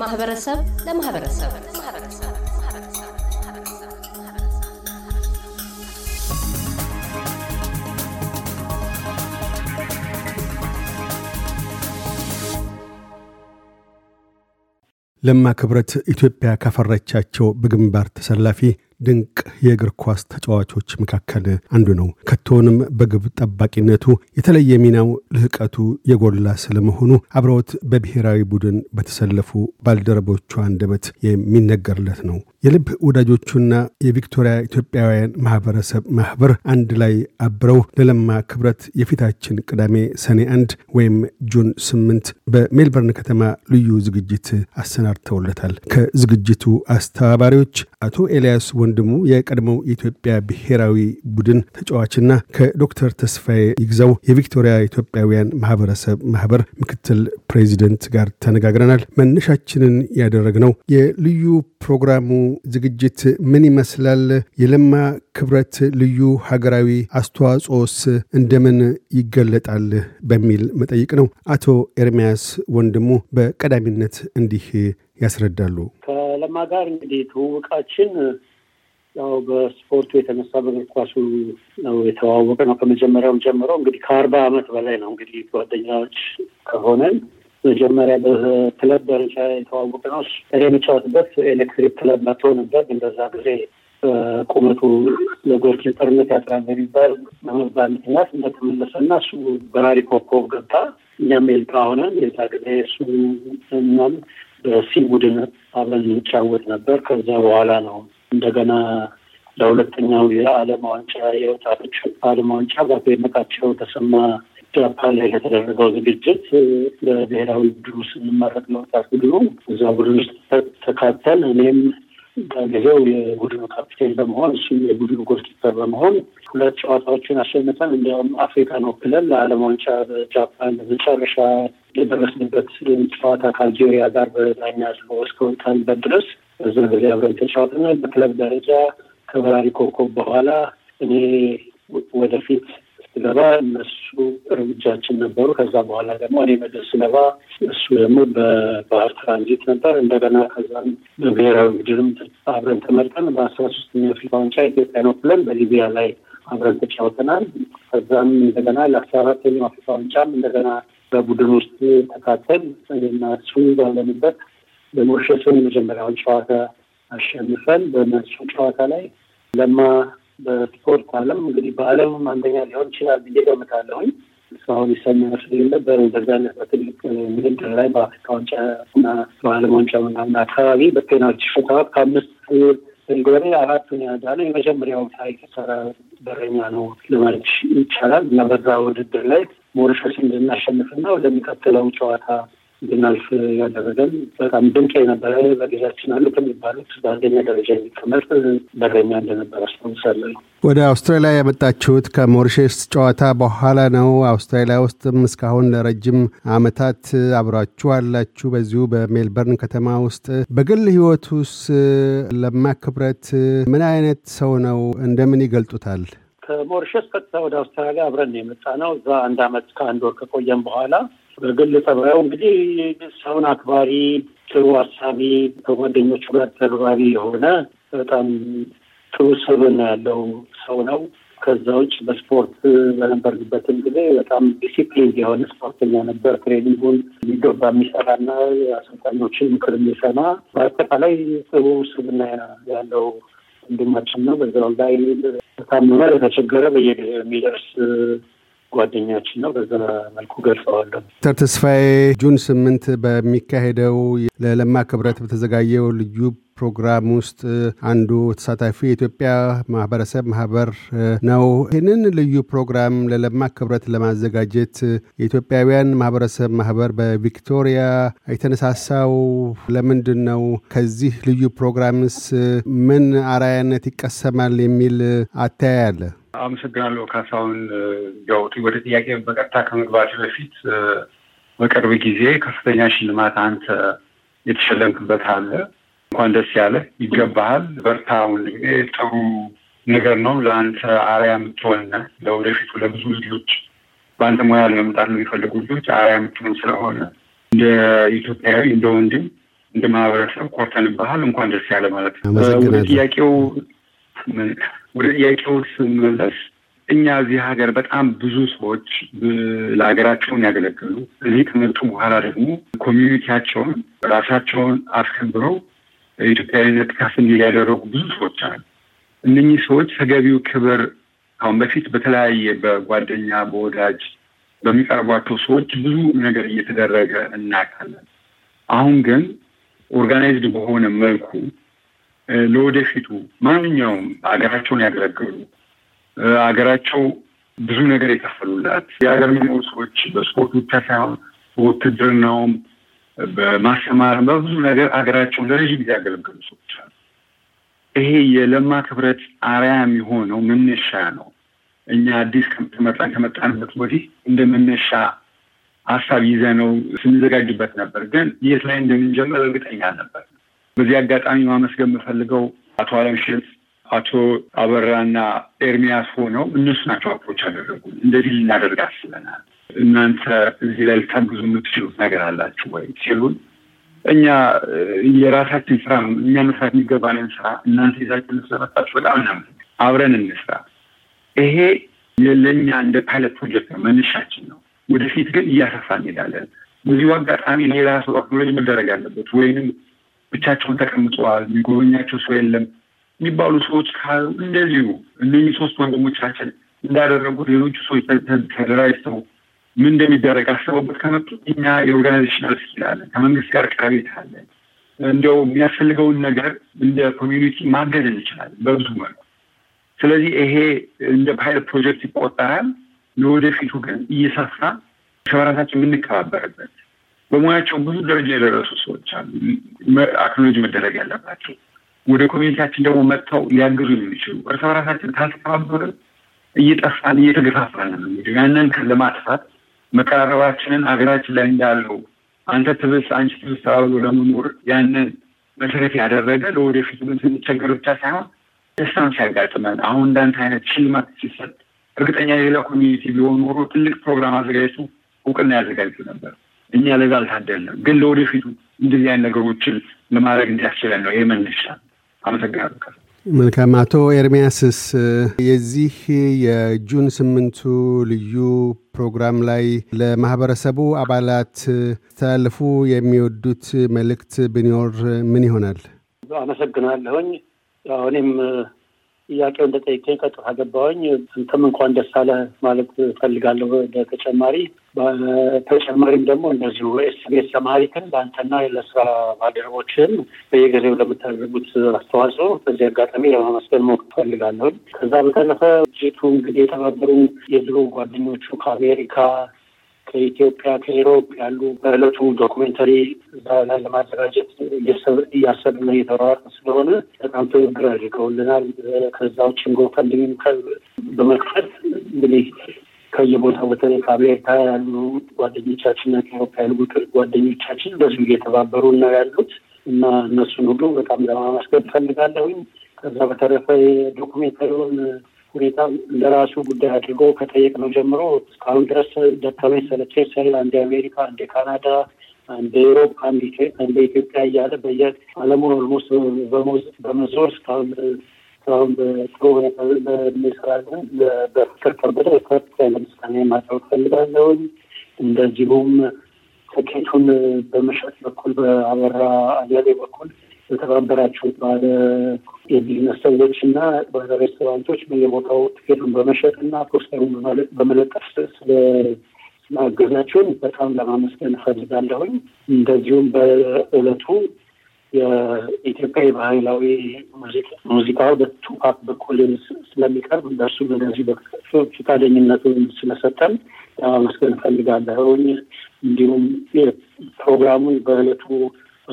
ማህበረሰብ ለማህበረሰብ ለማ ክብረት ኢትዮጵያ ካፈራቻቸው በግንባር ተሰላፊ ድንቅ የእግር ኳስ ተጫዋቾች መካከል አንዱ ነው። ከቶንም በግብ ጠባቂነቱ የተለየ ሚናው ልህቀቱ የጎላ ስለመሆኑ አብረውት በብሔራዊ ቡድን በተሰለፉ ባልደረቦቹ አንደበት የሚነገርለት ነው። የልብ ወዳጆቹና የቪክቶሪያ ኢትዮጵያውያን ማህበረሰብ ማህበር አንድ ላይ አብረው ለለማ ክብረት የፊታችን ቅዳሜ ሰኔ አንድ ወይም ጁን ስምንት በሜልበርን ከተማ ልዩ ዝግጅት አሰናድተውለታል። ከዝግጅቱ አስተባባሪዎች አቶ ኤልያስ ወንድ ወንድሙ የቀድሞው የኢትዮጵያ ብሔራዊ ቡድን ተጫዋችና ከዶክተር ተስፋዬ ይግዛው የቪክቶሪያ ኢትዮጵያውያን ማህበረሰብ ማህበር ምክትል ፕሬዚደንት ጋር ተነጋግረናል። መነሻችንን ነው። የልዩ ፕሮግራሙ ዝግጅት ምን ይመስላል? የለማ ክብረት ልዩ ሀገራዊ አስተዋጽኦስ እንደምን ይገለጣል? በሚል መጠይቅ ነው። አቶ ኤርሚያስ ወንድሙ በቀዳሚነት እንዲህ ያስረዳሉ። ከለማ ጋር እንግዲህ ትውውቃችን ያው በስፖርቱ የተነሳ በእግር ኳሱ ነው የተዋወቀ ነው። ከመጀመሪያውም ጀምሮ እንግዲህ ከአርባ ዓመት በላይ ነው እንግዲህ ጓደኛዎች ከሆነን መጀመሪያ በክለብ ደረጃ የተዋወቀ ነው። እኔ የሚጫወትበት ኤሌክትሪክ ክለብ መቶ ነበር። ግን በዛ ጊዜ ቁመቱ ለጎርኪ ለጎልኪፐርነት ያጥራል በሚባል በመባል ምክንያት እንደተመለሰ እንደተመለሰና እሱ በራሪ ኮከብ ገባ። እኛም ኤልጣ ሆነን የዛ ጊዜ እሱ እናም በሲ ቡድን አብረን እንጫወት ነበር። ከዛ በኋላ ነው እንደገና ለሁለተኛው የዓለም ዋንጫ የወጣቶች ዓለም ዋንጫ በአብነቃቸው ተሰማ ጃፓን ላይ ለተደረገው ዝግጅት በብሔራዊ ቡድኑ ስንመረቅ ለወጣት ቡድኑ እዛ ቡድን ውስጥ ተካተል እኔም በጊዜው የቡድኑ ካፕቴን በመሆን እሱም የቡድኑ ጎልኪፐር በመሆን ሁለት ጨዋታዎችን አሸንፈን እንዲያውም አፍሪካን ወክለን ለዓለም ዋንጫ በጃፓን መጨረሻ የደረስንበት ጨዋታ ከአልጄሪያ ጋር በዳኛ እስከወጣንበት ድረስ እዛ ጊዜ አብረን ተጫወተናል በክለብ ደረጃ ከበራሪ ኮከብ በኋላ እኔ ወደፊት ስትገባ እነሱ እርምጃችን ነበሩ። ከዛ በኋላ ደግሞ እኔ ወደ ስለባ እሱ ደግሞ በባህር ትራንዚት ነበር። እንደገና ከዛም በብሔራዊ ቡድንም አብረን ተመርጠን በአስራ ሶስተኛ አፍሪካ ዋንጫ ኢትዮጵያ ነው ብለን በሊቢያ ላይ አብረን ተጫውተናል። ከዛም እንደገና ለአስራ አራተኛው አፍሪካ ዋንጫም እንደገና በቡድን ውስጥ ተካተል እኔና እሱ ባለንበት በመሸሱን የመጀመሪያውን ጨዋታ አሸንፈን በመልሱ ጨዋታ ላይ ለማ በስፖርት ዓለም እንግዲህ በዓለም አንደኛ ሊሆን ይችላል ብዬ ገምታለሁኝ። እስካሁን ይሰማ ስለነበር በዛነት በትልቅ ውድድር ላይ በአፍሪካ ዋንጫ እና በዓለም ዋንጫ ምናምን አካባቢ በፔናልቲ ሽታዋት ከአምስት ንጎሬ አራቱን ያዳነ የመጀመሪያው ታሪክ ሰራ በረኛ ነው ለማለት ይቻላል እና በዛ ውድድር ላይ ሞሪሸስ እንድናሸንፍና ወደሚቀጥለው ጨዋታ እንድናልፍ ያደረገን በጣም ድንቅ የነበረ በጊዜያችን አሉ ከሚባሉት በአንደኛ ደረጃ የሚቀመጥ በረኛ እንደነበር አስታውሳለሁ። ወደ አውስትራሊያ የመጣችሁት ከሞሪሸስ ጨዋታ በኋላ ነው። አውስትራሊያ ውስጥም እስካሁን ለረጅም ዓመታት አብራችሁ አላችሁ በዚሁ በሜልበርን ከተማ ውስጥ። በግል ሕይወቱስ ለማ ክብረት ምን አይነት ሰው ነው? እንደምን ይገልጡታል? ከሞሪሸስ ቀጥታ ወደ አውስትራሊያ አብረን የመጣ ነው። እዛ አንድ አመት ከአንድ ወር ከቆየም በኋላ በግል ጸባዩ እንግዲህ ሰውን አክባሪ፣ ጥሩ አሳቢ፣ ከጓደኞቹ ጋር ተግባቢ የሆነ በጣም ጥሩ ስብዕና ያለው ሰው ነው። ከዛ ውጭ በስፖርት በነበርበትም ጊዜ በጣም ዲሲፕሊን የሆነ ስፖርተኛ ነበር። ትሬኒንጉን የሚገባ የሚሰራና አሰልጣኞችን ምክር የሚሰማ በአጠቃላይ ጥሩ ስብዕና ያለው ወንድማችን ነው። በዛው ላይ ታመመ ለተቸገረ በየጊዜው የሚደርስ ጓደኛችን ነው። በዛ መልኩ ገልጸዋለሁ። ዶክተር ተስፋዬ ጁን ስምንት በሚካሄደው ለለማ ክብረት በተዘጋጀው ልዩ ፕሮግራም ውስጥ አንዱ ተሳታፊ የኢትዮጵያ ማህበረሰብ ማህበር ነው። ይህንን ልዩ ፕሮግራም ለለማ ክብረት ለማዘጋጀት የኢትዮጵያውያን ማህበረሰብ ማህበር በቪክቶሪያ የተነሳሳው ለምንድን ነው? ከዚህ ልዩ ፕሮግራምስ ምን አራያነት ይቀሰማል የሚል አለ? አመሰግናለሁ ካሳሁን። ያው ወደ ጥያቄ በቀጥታ ከመግባት በፊት በቅርብ ጊዜ ከፍተኛ ሽልማት አንተ የተሸለምክበት አለ። እንኳን ደስ ያለ፣ ይገባሃል፣ በርታ። ሁልጊዜ ጥሩ ነገር ነው ለአንተ አርያ የምትሆን ለወደፊቱ ለብዙ ልጆች በአንተ ሙያ ለመምጣት የሚፈልጉ ልጆች አርያ የምትሆን ስለሆነ እንደ ኢትዮጵያዊ እንደ ወንድም እንደ ማህበረሰብ ኮርተንብሃል። እንኳን ደስ ያለ ማለት ነው። ወደ ጥያቄው ወደ ጥያቄው ስንመለስ እኛ እዚህ ሀገር በጣም ብዙ ሰዎች ለሀገራቸውን ያገለገሉ እዚህ ከመጡ በኋላ ደግሞ ኮሚዩኒቲያቸውን ራሳቸውን አስከብረው ኢትዮጵያዊነት ከፍ እንዲል ያደረጉ ብዙ ሰዎች አሉ። እነኚህ ሰዎች ተገቢው ክብር አሁን በፊት በተለያየ በጓደኛ በወዳጅ በሚቀርቧቸው ሰዎች ብዙ ነገር እየተደረገ እናውቃለን። አሁን ግን ኦርጋናይዝድ በሆነ መልኩ ለወደፊቱ ማንኛውም ሀገራቸውን ያገለገሉ ሀገራቸው ብዙ ነገር የከፈሉላት የሀገር የሚኖሩ ሰዎች በስፖርት ብቻ ሳይሆን በውትድርናውም በማስተማርም በብዙ ነገር ሀገራቸውን ለረዥም ጊዜ ያገለገሉ ሰዎች አሉ። ይሄ የለማ ክብረት አርያ የሚሆነው መነሻ ነው። እኛ አዲስ ከመጣን ከመጣንበት ወዲህ እንደ መነሻ ሀሳብ ይዘ ነው ስንዘጋጅበት ነበር፣ ግን የት ላይ እንደምንጀምር እርግጠኛ ነበር። በዚህ አጋጣሚ ማመስገን የምፈልገው አቶ አለምሽን፣ አቶ አበራና ኤርሚያስ ሆነው እነሱ ናቸው አፕሮች አደረጉ። እንደዚህ ልናደርግ አስበናል፣ እናንተ እዚህ ላይ ልታግዙ የምትችሉት ነገር አላችሁ ወይ ሲሉን እኛ የራሳችን ስራ እኛ መስራት የሚገባንን ስራ እናንተ ይዛችሁ ስለመጣችሁ በጣም እናመሰግናለን። አብረን እንስራ። ይሄ ለእኛ እንደ ፓይለት ፕሮጀክት ነው፣ መነሻችን ነው። ወደፊት ግን እያሰፋ እንሄዳለን። በዚሁ አጋጣሚ ሌላ ሰው አክኖሎጂ መደረግ አለበት ወይንም ብቻቸውን ተቀምጠዋል፣ የሚጎበኛቸው ሰው የለም የሚባሉ ሰዎች ካሉ እንደዚሁ እነህ ሶስት ወንድሞቻችን እንዳደረጉት ሌሎቹ ሰዎች ተደራጅተው ምን እንደሚደረግ አስበበት ከመጡ እኛ የኦርጋናይዜሽናል ስኪል አለን፣ ከመንግስት ጋር ቀረቤት አለን። እንዲያው የሚያስፈልገውን ነገር እንደ ኮሚዩኒቲ ማገዝ እንችላለን በብዙ መልኩ። ስለዚህ ይሄ እንደ ፓይለት ፕሮጀክት ይቆጠራል። ለወደፊቱ ግን እየሰፋ ሸበራታችን የምንከባበርበት በሙያቸው ብዙ ደረጃ የደረሱ ሰዎች አሉ፣ አክኖሎጅ መደረግ ያለባቸው ወደ ኮሚኒቲያችን ደግሞ መጥተው ሊያግዙ የሚችሉ እርስ በራሳችን ካልተባበርን እየጠፋን እየተገፋፋን ነው። ያንን ለማጥፋት መቀራረባችንን ሀገራችን ላይ እንዳለው አንተ ትብስ አንቺ ትብስ ተባብሎ ለመኖር ያንን መሰረት ያደረገ ለወደፊቱ ግን ስንቸገር ብቻ ሳይሆን ደስታም ሲያጋጥመን አሁን እንዳንተ አይነት ሽልማት ሲሰጥ እርግጠኛ የሌላ ኮሚኒቲ ቢሆን ኖሮ ትልቅ ፕሮግራም አዘጋጅቱ እውቅና ያዘጋጁ ነበር። እኛ ለዛ ነው፣ ግን ለወደፊቱ እንደዚህ አይነት ነገሮችን ለማድረግ እንዲያስችለን ነው ይህ የመነሻ። አመሰግናለሁ። መልካም። አቶ ኤርሚያስስ የዚህ የጁን ስምንቱ ልዩ ፕሮግራም ላይ ለማህበረሰቡ አባላት ተላልፉ የሚወዱት መልእክት ቢኖር ምን ይሆናል? አመሰግናለሁኝ። ያው እኔም ጥያቄው እንደጠይቀኝ ቀጥታ ገባሁኝ። አንተም እንኳን ደስ አለህ ማለት እፈልጋለሁ። በተጨማሪ በተጨማሪም ደግሞ እንደዚሁ ኤስቤስ አማሪክን ለአንተና ለስራ ባልደረቦችን በየጊዜው ለምታደርጉት አስተዋጽኦ በዚህ አጋጣሚ ለማመስገን ሞክ ፈልጋለሁ። ከዛ በተረፈ ጅቱ እንግዲህ የተባበሩ የድሮ ጓደኞቹ ከአሜሪካ ከኢትዮጵያ ከኢሮፕ ያሉ በእለቱ ዶክሜንተሪ እዛ ላይ ለማዘጋጀት እያሰብና እየተሯሯጥን ስለሆነ በጣም ትብብር አድርገውልናል። ከዛ ውጭ ጎፈንድሚን በመክፈት እንግዲህ ከየቦታው በተለይ ከአሜሪካ ያሉ ጓደኞቻችንና ከአውሮፓ ያሉ ጓደኞቻችን በዙ እየተባበሩ ነው ያሉት እና እነሱን ሁሉ በጣም ለማመስገን ፈልጋለሁኝ። ከዛ በተረፈ ዶኩሜንታሪውን ሁኔታ ለራሱ ጉዳይ አድርገው ነው ጀምሮ እስካሁን ድረስ ደከመኝ ሰለቸኝ ሳይል አንዴ አሜሪካ፣ አንዴ ካናዳ፣ አንዴ ኤሮፕ፣ አንዴ ኢትዮጵያ እያለ በየ አለሙን ኦልሞስት በመዞር እስካሁን አሁን በጥሩ ሁኔታ በእድሜ በፍቅር ከበደ ፍቅር ምስጋና ማጫወት ፈልጋለሁኝ። እንደዚሁም ትኬቱን በመሸጥ በኩል በአበራ አያሌ በኩል የተባበራችሁት ባለ የቢዝነስ ሰዎች እና ባለ ሬስቶራንቶች በየቦታው ትኬቱን በመሸጥ እና ፖስተሩን በመለጠፍ ስለ ስላገዛችሁን በጣም ለማመስገን እፈልጋለሁኝ። እንደዚሁም በእለቱ የኢትዮጵያ የባህላዊ ሙዚቃ በቱፓክ በኩል ስለሚቀርብ በእርሱም እንደዚህ ፈቃደኝነቱን ስለሰጠን ለማመስገን እፈልጋለሁኝ። እንዲሁም ፕሮግራሙን በእለቱ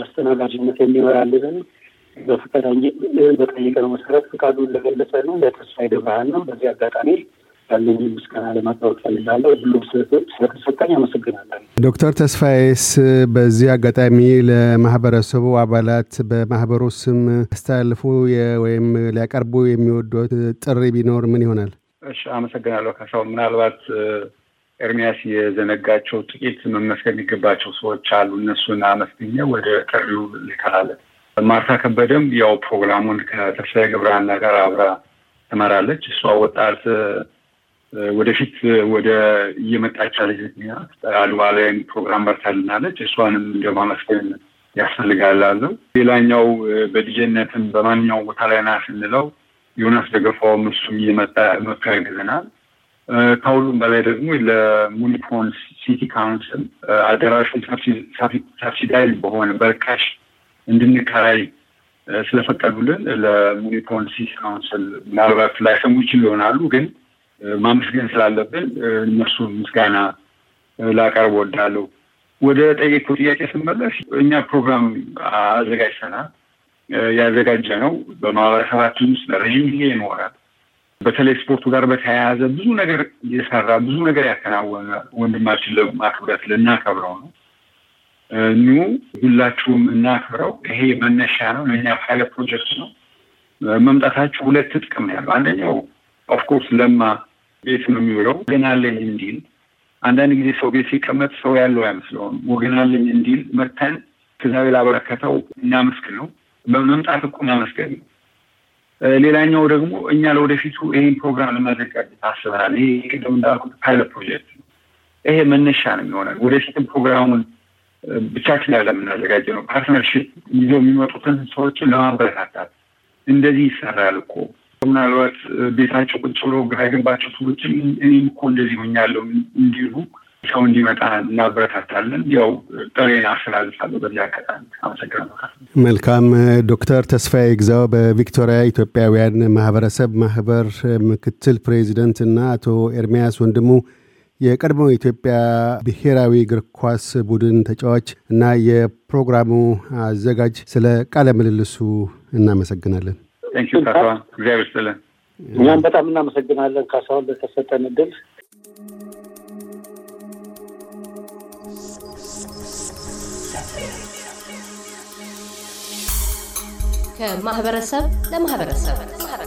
አስተናጋጅነት የሚመራልን በፈቃደኝ በጠየቀነው መሰረት ፍቃዱ እንደገለጸ ነው ለተስፋዬ ብርሃን ነው። በዚህ አጋጣሚ ያለኝ ምስጋና ለማታወቅ ፈልጋለሁ። ሁሉም ስለተሰጠኝ አመሰግናለን። ዶክተር ተስፋዬስ በዚህ አጋጣሚ ለማህበረሰቡ አባላት በማህበሩ ስም ያስተላልፉ ወይም ሊያቀርቡ የሚወዱት ጥሪ ቢኖር ምን ይሆናል? እሺ፣ አመሰግናለሁ ካሳሁን። ምናልባት ኤርሚያስ የዘነጋቸው ጥቂት መመስገን የሚገባቸው ሰዎች አሉ። እነሱን አመስግኘ ወደ ጥሪው ልከላለን። ማርታ ከበደም ያው ፕሮግራሙን ከተስፋዬ ገብረሃና ጋር አብራ ትመራለች። እሷ ወጣት ወደፊት ወደ እየመጣች አድዋ ላይም ፕሮግራም በርታልናለች እሷንም እንደ ማመስገን ያስፈልጋል አለው። ሌላኛው በዲጄነትም በማንኛውም ቦታ ላይ ና ስንለው ዮናስ ደገፋውም እሱም እየመጣ መጥቶ ያግዘናል። ከሁሉም በላይ ደግሞ ለሙኒፎን ሲቲ ካውንስል አዳራሹን ሳብሲዳይል በሆነ በርካሽ እንድንከራይ ስለፈቀዱልን ለሙኒፎን ሲቲ ካውንስል ምናልባት ላይሰሙ ይችል ይሆናሉ ግን ማመስገን ስላለብን እነሱ ምስጋና ላቀርብ ወዳለሁ። ወደ ጠየቁ ጥያቄ ስመለስ እኛ ፕሮግራም አዘጋጅተናል። ያዘጋጀ ነው በማህበረሰባችን ውስጥ ለረዥም ጊዜ ይኖራል። በተለይ ስፖርቱ ጋር በተያያዘ ብዙ ነገር እየሰራ ብዙ ነገር ያከናወነ ወንድማችን ለማክብረት ልናከብረው ነው። ኑ ሁላችሁም እናክብረው። ይሄ መነሻ ነው፣ ለእኛ ፓይለት ፕሮጀክት ነው። መምጣታችሁ ሁለት ጥቅም ነው ያለው። አንደኛው ኦፍኮርስ ለማ ቤት ነው የሚውለው። ወገን አለኝ እንዲል አንዳንድ ጊዜ ሰው ቤት ሲቀመጥ ሰው ያለው አይመስለውም። ወገን አለኝ እንዲል መተን እግዚአብሔር ላበረከተው እናመስግን ነው። በመምጣት እኮ ማመስገን ነው። ሌላኛው ደግሞ እኛ ለወደፊቱ ይህን ፕሮግራም ለማዘጋጀት ታስበናል። ይሄ ቅድም እንዳልኩት ፓይለት ፕሮጀክት ነው። ይሄ መነሻ ነው የሚሆነ ወደፊትም ፕሮግራሙን ብቻችን ያለ የምናዘጋጀ ነው። ፓርትነርሽፕ ይዘው የሚመጡትን ሰዎችን ለማበረታታት እንደዚህ ይሰራል እኮ ምናልባት ቤታቸው ቁጭ ብሎ ግራ የገባቸው ሰዎችም እኔም እኮ እንደዚህ ሆኛለሁ እንዲሉ ሰው እንዲመጣ እናበረታታለን። ያው ጥሬን አስተላልፋለሁ በዚህ አጋጣሚ አመሰግናለሁ። መልካም ዶክተር ተስፋዬ ግዛው በቪክቶሪያ ኢትዮጵያውያን ማህበረሰብ ማህበር ምክትል ፕሬዚደንት እና አቶ ኤርሚያስ ወንድሙ የቀድሞ የኢትዮጵያ ብሔራዊ እግር ኳስ ቡድን ተጫዋች እና የፕሮግራሙ አዘጋጅ ስለ ቃለ ምልልሱ እናመሰግናለን። ካሳሁን፣ እግዚአብሔር ይስጥልን። እኛም በጣም እናመሰግናለን ካሳሁን ለተሰጠን እድል። ከማህበረሰብ ለማህበረሰብ